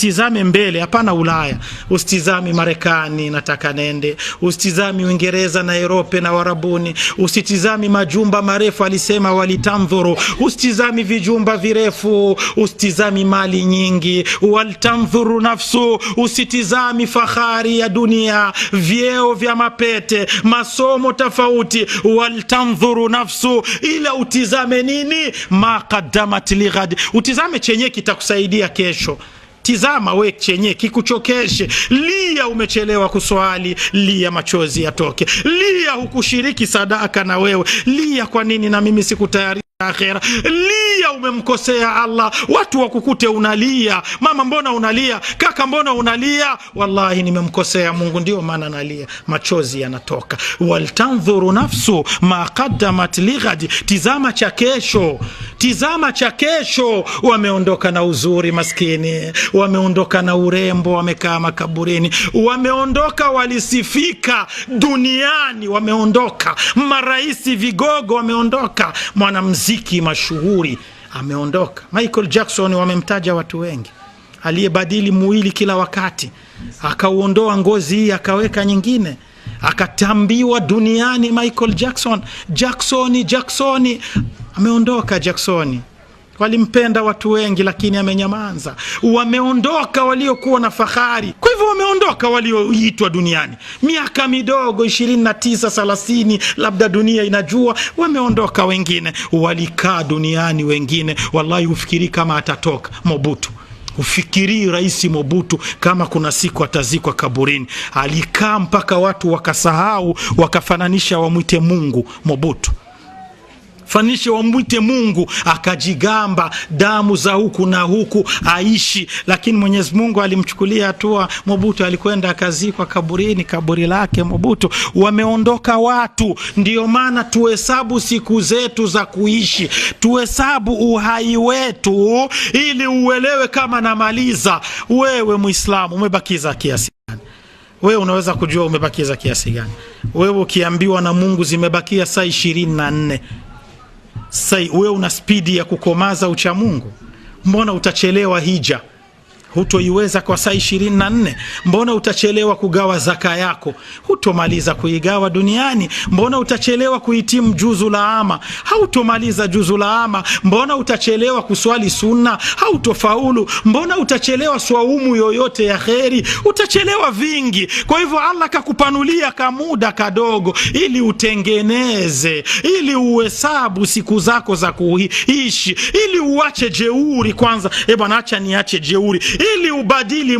Usitizame mbele, hapana Ulaya, usitizame Marekani, nataka nende, usitizame Uingereza na Europe na Warabuni, usitizame majumba marefu, alisema walitamdhuru, usitizame vijumba virefu, usitizame mali nyingi, walitamdhuru nafsu, usitizame fahari ya dunia, vyeo vya mapete, masomo tofauti, walitamdhuru nafsu, ila utizame nini? ma qaddamat lighad, utizame chenye kitakusaidia kesho tizama we chenye kikuchokeshe, lia, umechelewa kuswali, lia machozi yatoke, lia, hukushiriki sadaka na wewe lia, kwa nini na mimi sikutayarisha akhera, lia unalia umemkosea Allah. Watu wakukute unalia, mama, mbona unalia? Kaka, mbona unalia? Wallahi, nimemkosea Mungu, ndio maana nalia, machozi yanatoka. Waltandhuru nafsu ma qaddamat lighadi tizama cha kesho, tizama cha kesho. Wameondoka na uzuri maskini, wameondoka na urembo, wamekaa makaburini, wameondoka walisifika duniani, wameondoka maraisi, vigogo wameondoka, mwanamziki mashuhuri ameondoka. Michael Jackson wamemtaja watu wengi, aliyebadili mwili kila wakati, akauondoa ngozi hii akaweka nyingine, akatambiwa duniani Michael Jackson, Jacksoni, Jacksoni. Ameondoka Jacksoni. Walimpenda watu wengi, lakini amenyamaza. Wameondoka waliokuwa na fahari, kwa hivyo wameondoka walioitwa duniani. Miaka midogo ishirini na tisa labda dunia inajua, wameondoka wengine, walikaa duniani wengine. Wallahi hufikirii kama atatoka Mobutu Ufikirii Rais Mobutu kama kuna siku atazikwa kaburini. Alikaa mpaka watu wakasahau, wakafananisha wamwite Mungu Mobutu fanishe wamwite Mungu, akajigamba damu za huku na huku aishi. Lakini Mwenyezi Mungu alimchukulia hatua. Mobutu alikwenda akazikwa kaburini, kaburi lake Mobutu. Wameondoka watu, ndio maana tuhesabu siku zetu za kuishi, tuhesabu uhai wetu ili uelewe. Kama namaliza, wewe Muislamu umebakiza kiasi gani? Wewe unaweza kujua umebakiza kiasi gani? Wewe ukiambiwa na Mungu zimebakia saa ishirini na nne sasa wewe una spidi ya kukomaza uchamungu, mbona utachelewa hija? hutoiweza kwa saa ishirini na nne? Mbona utachelewa kugawa zaka yako? Hutomaliza kuigawa duniani? Mbona utachelewa kuhitimu juzu la ama? Hautomaliza juzu la ama? Mbona utachelewa kuswali sunna? Hautofaulu? Mbona utachelewa swaumu yoyote ya kheri? Utachelewa vingi. Kwa hivyo Allah kakupanulia kamuda kadogo, ili utengeneze, ili uhesabu siku zako za kuishi, ili uache jeuri kwanza. ebanaacha eh niache jeuri ili ubadili